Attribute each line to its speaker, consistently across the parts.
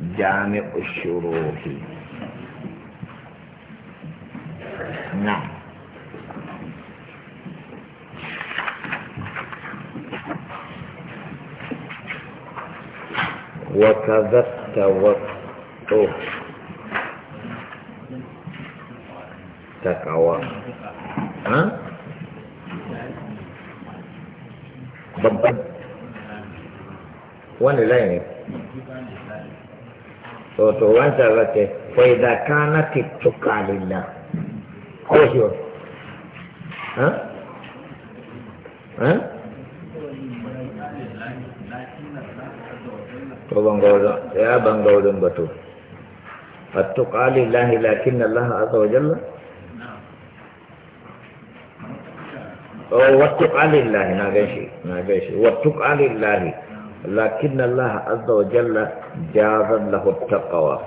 Speaker 1: جامع الشروح نعم وكذا التوقع تقوى ها بالضبط وين لا يعني to to wancan zace fai da kana tittuka lillah ko shi wa ha ha to banga wajen ya banga wajen batu attuka lillahi lakin Allah azza wa jalla oh, wattuka lillahi na gaishe na gaishe wattuka lillahi لكن الله عز وجل جاز له التقوى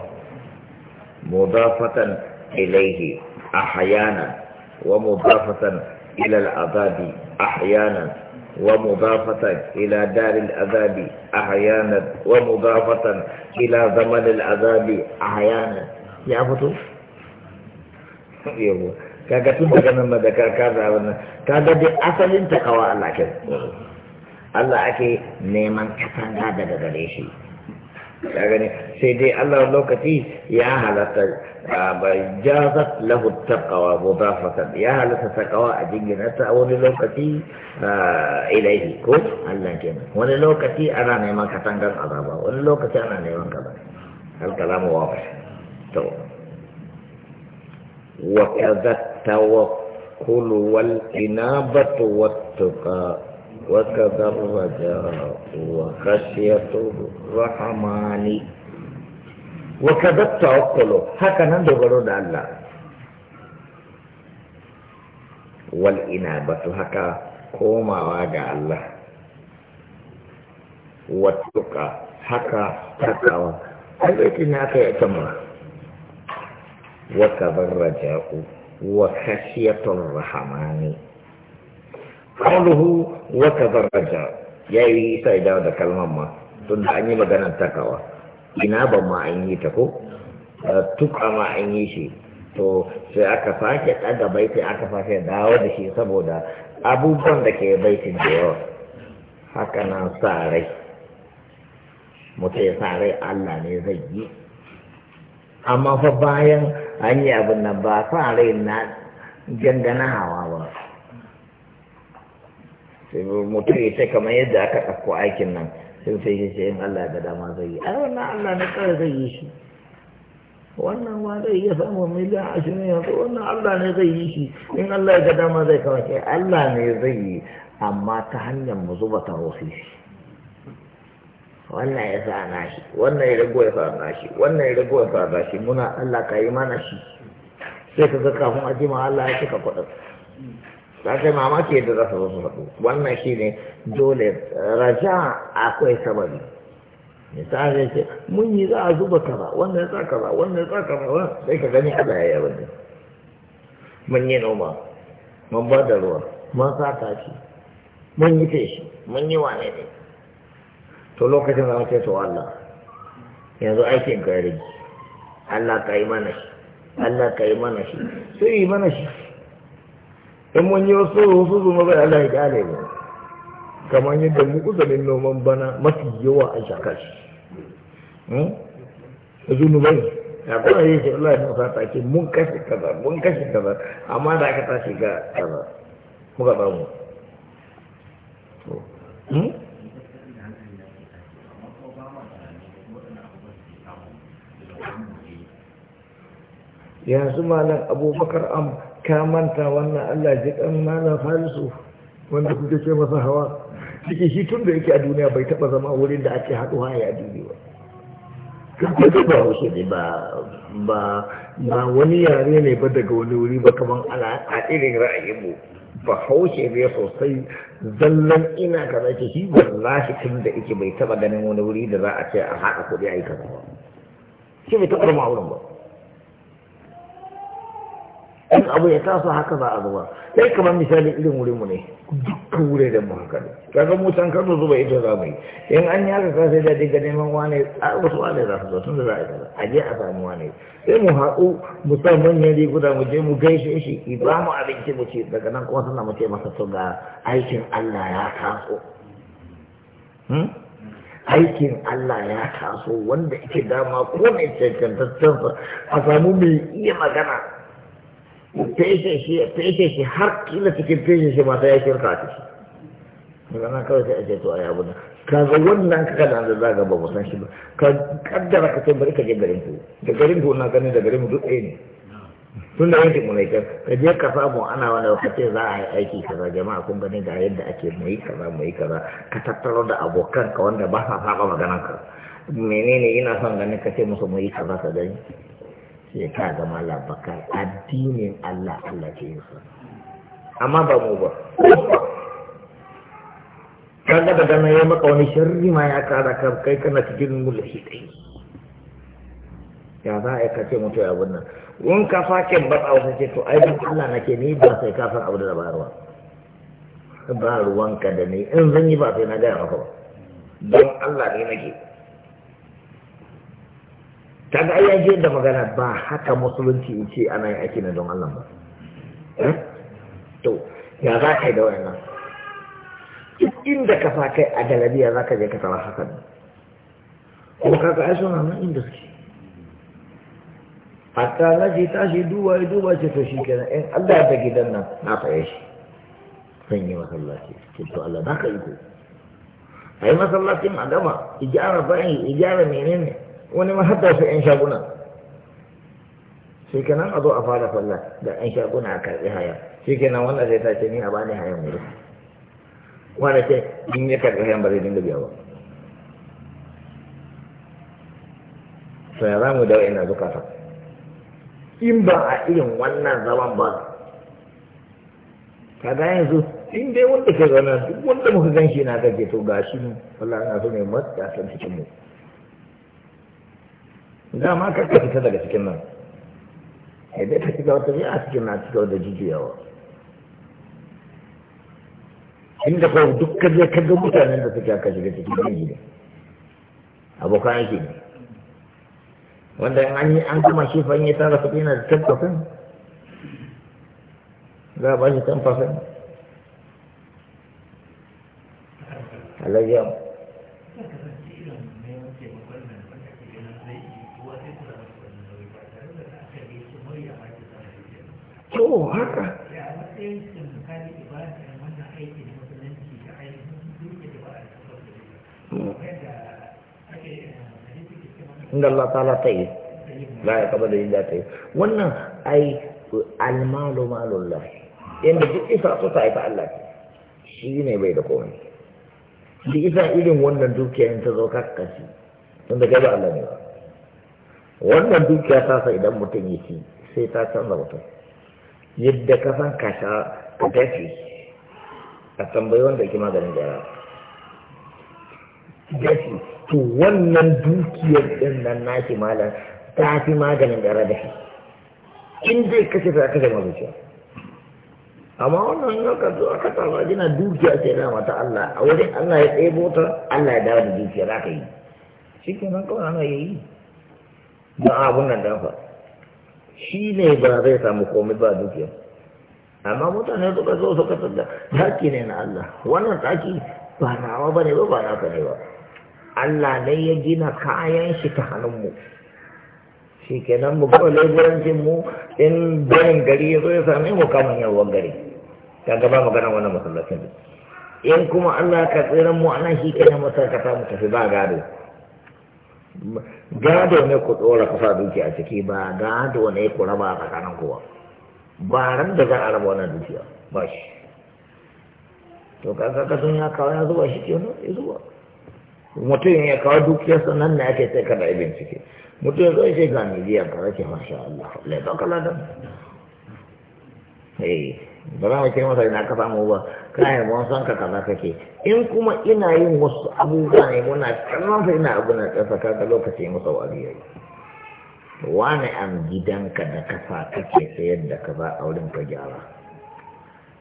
Speaker 1: مضافة إليه أحيانا ومضافة إلى العذاب أحيانا ومضافة إلى دار العذاب أحيانا ومضافة إلى زمن العذاب أحيانا يا فتو يبو كاكتو بغنم ذكر كذا كذا دي أصل تقوى الله كذا Allah ake neman katanga daga gare shi ya gani sai dai Allah lokaci ya halatta ba jazat lahu taqwa mudafatan ya halatta taqwa a jingina ta wani lokaci ilaihi ko Allah kenan wani lokaci ana neman katangar azaba wani lokaci ana neman kaza hal kalamu wa to wa kadha tawakkul wal inabatu wat tuqa وكذا الرجاء وخشية الرحمن وكذا التوكل هكذا ندبر الله والإنابة هكذا كوما واجع الله والتقى هكذا تقوى التي ناكي اعتمر وكذا الرجاء وخشية الرحمن qawluhu wa tadarraja yayi sai da da kalman ma tun da an yi maganar takawa ina ban ma an yi ta ko tuka ma an yi shi to sai aka sake ɗaga baitin aka sake dawo da shi saboda abubuwan da ke baitin da yawa haka nan sa rai mutum ya sa rai Allah ne zai yi amma fa bayan an yi abin nan ba sa rai na hawa sai mutu ya ce kamar yadda aka ɗauko aikin nan sun sai shi ce in Allah da dama zai yi ai wannan Allah ne kawai zai yi shi wannan ma zai iya samun miliyan ashirin yanzu wannan Allah ne zai yi shi in Allah ya ga dama zai kawai ce Allah ne zai yi amma ta hanyar mu zuba ta rufi wannan ya sa na shi wannan ya rago ya sa na shi wannan ya rago ya sa na shi muna Allah ka yi mana shi sai ka ga kafin a jima Allah ya cika kuɗin za ka mamaki yadda za su zo su haɗu wannan shi ne dole raja akwai sabari misali ce mun yi za a zuba kaza wannan za kaza wannan za Wannan sai ka gani a zaya yawon ne mun yi noma mun ba da ruwa mun sa taki mun yi feshi mun yi wane ne to lokacin zama ce to Allah yanzu aikin ka ya rage Allah ka yi mana shi Allah ka yi mana shi sai yi mana shi in mun yi wasu wasu su maza Allah ya gane mu kamar yadda mu uzumin noman bana mafi yawa a shakar shi hmm? zunubai ya kuma yi shi Allah ya musa ta ce mun kashe kaza mun kashe kaza amma da aka tashi ga kaza muka ba mu ya hmm? yanzu malam abubakar amma ka manta wannan Allah ji kan malam harisu wanda kuke ce masa hawa ciki shi tun da yake a duniya bai taba zama wurin da ake haɗuwa ya duniya ba kuma ba wasu ne ba ba ba wani yare ne ba daga wani wuri ba ala a irin ra'ayinmu ba haushe ne sosai zallan ina ka zaki shi wallahi tun da yake bai taba ganin wani wuri da za a ce a haɗa kuɗi a yi kaza ba shi bai taɓa zama wurin ba ɗan abu ya taso haka za a zuba sai kamar misali irin wuri mu ne dukkan wuri da mu haka ne kaga mu san kano zuba ita za mu yi in an yi haka sai da diga neman wane a wasu wane za su zo tun da za a yi kaza a je a samu wane sai mu haɗu mu sa manyan riguna mu je mu gaishe shi ki ba mu abinci mu ci daga nan kuma suna mu ce masa to ga aikin Allah ya taso hmm? aikin Allah ya taso wanda yake dama ko ne cancantaccen a samu mai iya magana feshe shi har kila cikin feshe shi mata ya shirka ta shi daga nan kawai sai a ce to a yabu na kaga wannan ka kana da zaga ba musan shi ba ka kaddara ka ce bari ka je garin ku da garin ku na ganin da garin mu duk ɗaya ne tun da yanke mu laikar ka je ka samu ana wani ka ce za a yi aiki kaza jama'a kun gani ga yadda ake mu yi kaza mu yi kaza ka tattaro da abokan ka wanda ba sa saba maganar ka menene ina son ganin ka ce musu mu yi kaza ka gani sai ka ga malam addinin Allah Allah ke yin amma ba mu ba kan daga gana ya maka wani sharri ma ya kara ka kai kana cikin mulki kai ya za a kace mutu ya wannan in ka sake ba a ce to ai ban Allah nake ni ba sai ka san abu da bayarwa ba ruwanka da ni in zan yi ba sai na gaya maka ba don Allah ne nake kaga ai yaji yadda magana ba haka musulunci ce ana yin aiki na don Allah ba eh? to ya za ka yi da wayannan duk inda ka sa kai a galabiya za ka je ka tara haka ne kuma kaga ai suna nan inda suke hatta na ce tashi duba ya duba ce to shi kenan in Allah ya ta gidan nan na faye shi zan yi masallaci ce to Allah za ka yi ko a yi masallacin a gama ijara bayan ijara menene wani ma hadda su yan shaguna shi kenan a zo a fara falla da yan shaguna a karɓi haya shi kenan wannan zai ta ce ni a bani hayan wuri wanda ce in ya karɓi hayan ba zai dinga biya ba to ya za mu da wa'ina zukata in ba a irin wannan zaman ba kaga yanzu in dai wanda ke zaune duk wanda muka gan shi na gaje to gashi wallahi na so ne matsa san cikin mu za ma ka fita daga cikin nan sai dai ka shiga wata a cikin na cikin da jijiyawa inda ko duk ka je ka ga mutanen da suke aka shiga cikin jini ne abokan yake ne wanda in an yi an kuma shi fa tara su na da tabbacin za a ba shi tabbacin alayyam to haka inda Allah ta'ala ta yi la ya kaba da inda ta yi wannan ai almalu malun lahi yadda duk isa su ta haifa Allah shi ne bai da komai duk isa irin wannan dukiyan ta zo kakkashi tun da gaba Allah ne ba wannan dukiya ta sa idan mutum ya ci sai ta canza mutum yadda ka san kasha ka tafi a tambayi wanda ke maganin ya ce to wannan dukiyar ɗin nan ke malar ta fi maganin da shi in zai kashe ta kashe ma zuciya amma wannan yau ka zo aka tara gina dukiya sai na mata Allah a wurin Allah ya tsebo ta Allah ya dawo da dukiya za ka yi shi nan kawai ana yi ba abun nan dafa shi ne ba zai samu komai ba duke amma mutane suka zo ka tsada taki ne na Allah wannan taki ba nawa ba ne ba ba naka ne ba Allah ne ya gina kayan shi ta mu shi kenan mu kawai laifurancin mu in bayan gari ya zo ya same mu kamar yawon gari ta gaba magana wannan masallacin in kuma Allah ka tsira mu nan shi kenan mu mu tafi ba gado gado ne ku dora kasa dukiya a ciki ba gado ne ku raba a tsakanin kowa ba ran da za a raba wannan dukiya ba shi to kaga ka sun ya kawo ya zuba shi kenan ya zuba mutum ya kawo dukiyar sannan na ake sai kada ibin ciki mutum ya zai shi ga miliyan ka rake masha Allah lai ba kala da eh. ba za mu ce masa ina ka samu ba kayan mun san ka kaza kake in kuma ina yin wasu abubuwa ne muna kallon sa ina abu na kasa ga lokaci mu sau abiyar wani an gidanka da kasa kake sayar da kaza a wurin ka gyara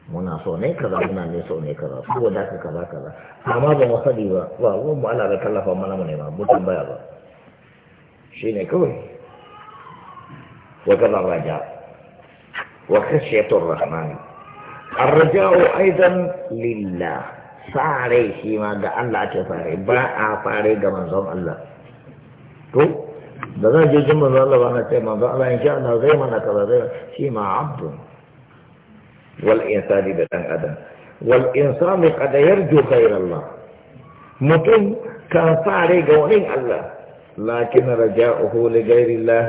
Speaker 1: muna so ne kaza muna ne so ne kaza saboda ka kaza kaza amma ba mu sani ba ba mu Allah da tallafa mana mu ne ba mu tambaya ba shine kawai wa kaza raja wa khashiyatu rahmani الرجاء أيضا لله صاري شيما دا الله تفاري با فاري دا منظم الله تو دا دا جزم من الله وانا تيما دا الله إن شاء الله زي ما نكذا زي شيما عبد والإنسان بدن أدم والإنسان قد يرجو خير الله متن كان صاري قوانين الله لكن رجاؤه لغير الله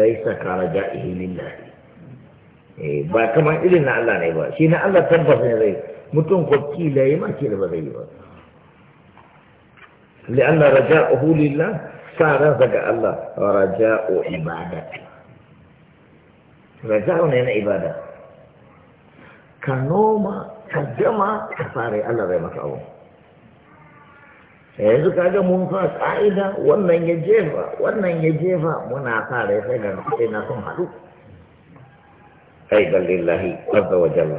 Speaker 1: ليس كرجائه لله Eh, ba kamar irin na Allah ne ba shi na Allah tabbas ne zai mutum ko kila yi ma kila ba zai yi ba Allah raja'uhu lillah sa ran ga Allah wa raja'u ibada raja'u ne na ibada ka noma ka jama ka fare Allah zai maka abu eh, yanzu kaga mun fa ka'ida wannan ya jefa wannan ya jefa muna fare sai da sai na son haɗu أيضا لله عز وجل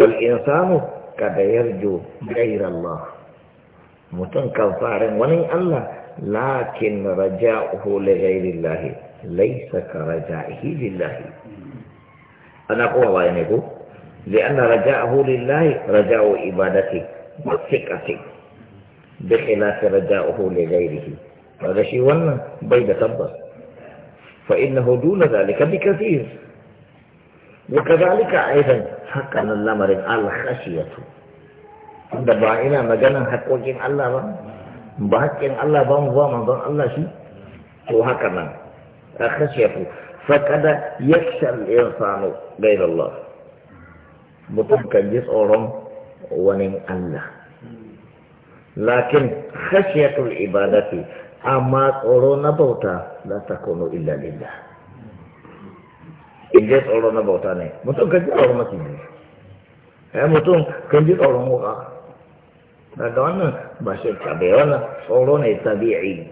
Speaker 1: والإنسان قد يرجو غير الله متنكر صار وني الله لكن رجاؤه لغير الله ليس كرجائه لله أنا أقول يعني لأن رجاءه لله رجاء عبادته وثقته بخلاف رجاؤه لغيره هذا شيء ولا بيد تبص فإنه دون ذلك بكثير mu ka zaani ka aida lamarin al-kashiya da ba ina magana a hakkin Allah ba? ba haƙƙin Allah ba mu bama ban Allah shi? ko hakanan al-kashiya ku? ya kalli 'yan samu, bai lalur. mutum kan je tsoron wani Allah lakin kashiya tun ibadati amma tsoro na bauta za ta kunu illa-lilla. in dai tsoro na bauta ne mutum kan ji tsoron maciji ya eh, mutum kan ji tsoron wuka daga wannan ba shirka bai wannan tsoro ne tabi'i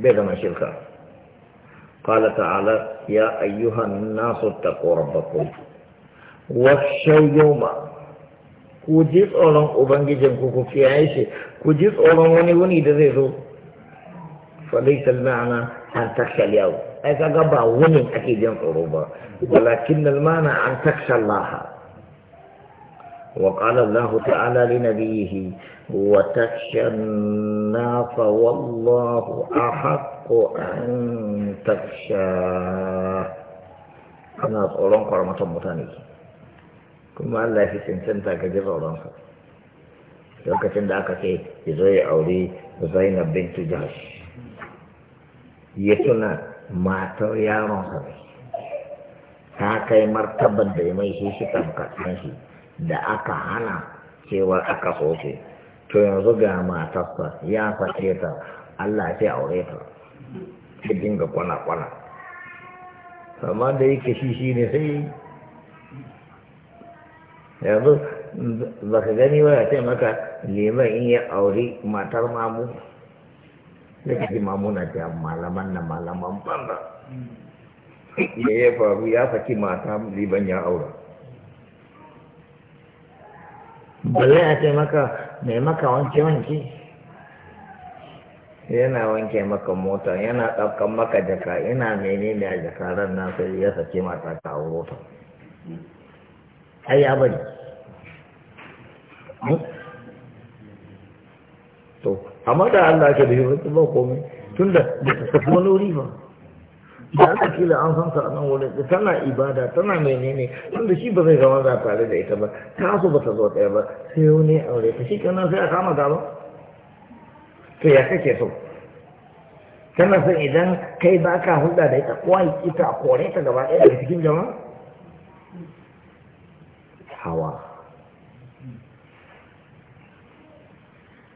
Speaker 1: bai zama shirka قال تعالى يا أيها الناس اتقوا ربكم واخشوا يوما ku ji tsoron ubangijin ku ku kiyaye tsoron wani wuni da zai zo fa laysa اي كغبا ومن اكيد ينصروا ولكن المانع ان تخشى الله وقال الله تعالى لنبيه وتخشى الناس والله احق ان تخشى انا اقولون قرمة متاني كما الله في سنسن تاكجر اقولون لوكاشن داكا سي يزوي عوري زينب بنت جهش يتنا matar yaronsa ne ta kai martaban da ya mai shi shi shi da aka hana cewa aka soke to yanzu ga matarsa ya fashe ta Allah ya aure ta ta dinga kwana-kwana amma da yake shi shi ne sai yanzu ba ka gani ba ya ce maka liman in ya auri matar mamu sai ka ji mamuna da malaman na malaman banza ya ya faru ya saki mata liban ya aura balle a ce maka mai maka wanke wanke yana wanke maka mota yana ɗaukan maka jaka yana ne a jakarar na sai ya saki mata ta auro ta ai ya bari hmm? to amma da Allah ke da shi ba komai tun da tafi wani wuri ba da aka kila an san sa nan wurin da tana ibada tana menene tun da shi ba zai zama za tare da ita ba ta so ba ta zo ɗaya ba sai wani aure ta shi kanan sai a kama ta ba to ya kake so kana son idan kai ba ka hulɗa da ita kowa ita a kore ta gaba ɗaya daga cikin jama'a hawa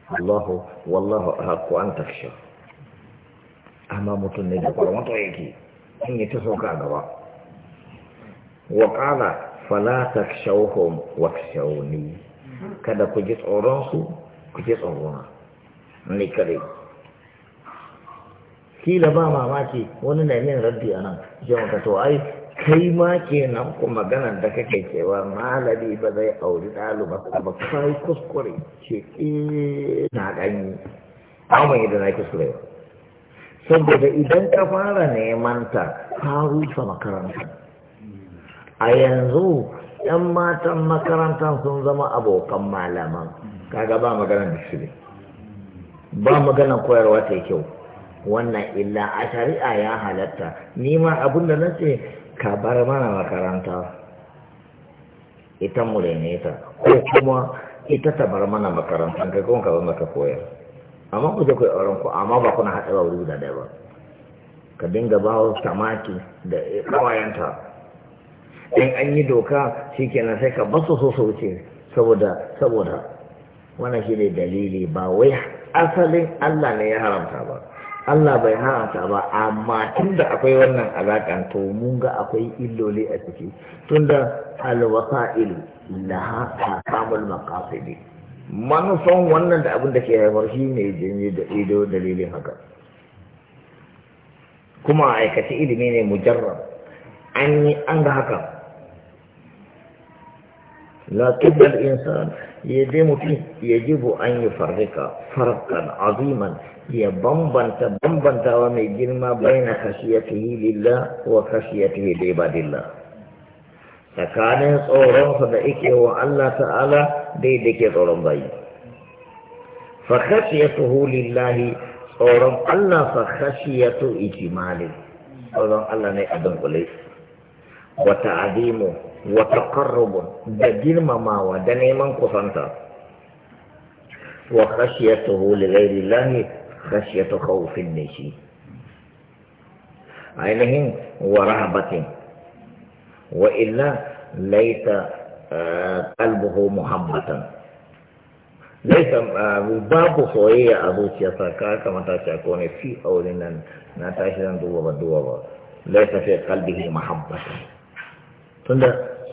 Speaker 1: Allahu wallahu ahqqu an takhsha amma mutum ne da kwarmato yake in yi ta sauka gaba wa qala fala wa wakhshawni kada ku ji tsoron su ku ji tsorona ni kare kila ba mamaki wani na min raddi anan jiya ka to ai kai ma kenan ku maganar da kake cewa malami ba zai auri ɗalibarsa ba kai kuskure ce eh, na ɗanyi mai idan na kuskure saboda idan ka fara neman ta ka rufe makaranta a yanzu yan matan makarantar sun zama abokan malaman kaga ba maganar ne? ba maganar koyarwa ta kyau wannan illa a shari'a ya halatta nima abin da na ce ka bar mana makaranta ita mu ne ta ko kuma ita ta bar mana makaranta kai kuma ka bar ka koyar amma ku je ku auren ku amma ba kuna hada ba wuri da ɗaya ba ka dinga ba wa tamaki da kawayenta in an yi doka shikenan sai ka basu so so ce saboda saboda wannan shi ne dalili ba wai asalin Allah ne ya haramta ba Allah bai haramta ba amma tunda akwai wannan alaka to mun ga akwai illoli a ciki tunda alwasa'il laha aqamul maqasidi manufan wannan da abin da ke haifar shi ne janye da ido dalilin haka kuma aikace ilimi ne mujarrab an yi an ga haka لكن الإنسان يجب يجب أن يفرق فرقا عظيما يبنبنت بنبنت ومجرم بين خشيته لله وخشيته لعباد الله tsakanin tsoronsa da ike wa Allah ta'ala daidai ke tsoron bayi fakashiyatu lillahi tsoron Allah fakashiyatu ijimali tsoron Allah ne a dunkule وتعظيم وتقرب ما مماوى من كفنتا وخشيته لغير الله خشية خوف النشي عينهم ورهبة وإلا ليس آه، قلبه محبة ليس آه، باب صوية أبوك يساكا كما تشاكوني في أولنا نتاشي دوبا دوبا ليس في قلبه محبة 真的，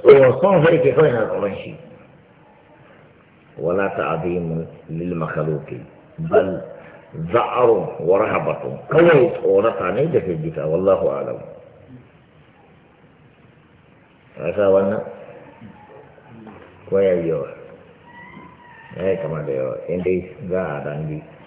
Speaker 1: 我放飞机会很欢喜。ولا تعظيم للمخلوق بل ذعر ورهبة قويت ورطع نيدة في الدفاع والله أعلم عسى وانا كوية اليوح ايه كما ديوح اندي ذا عدان دي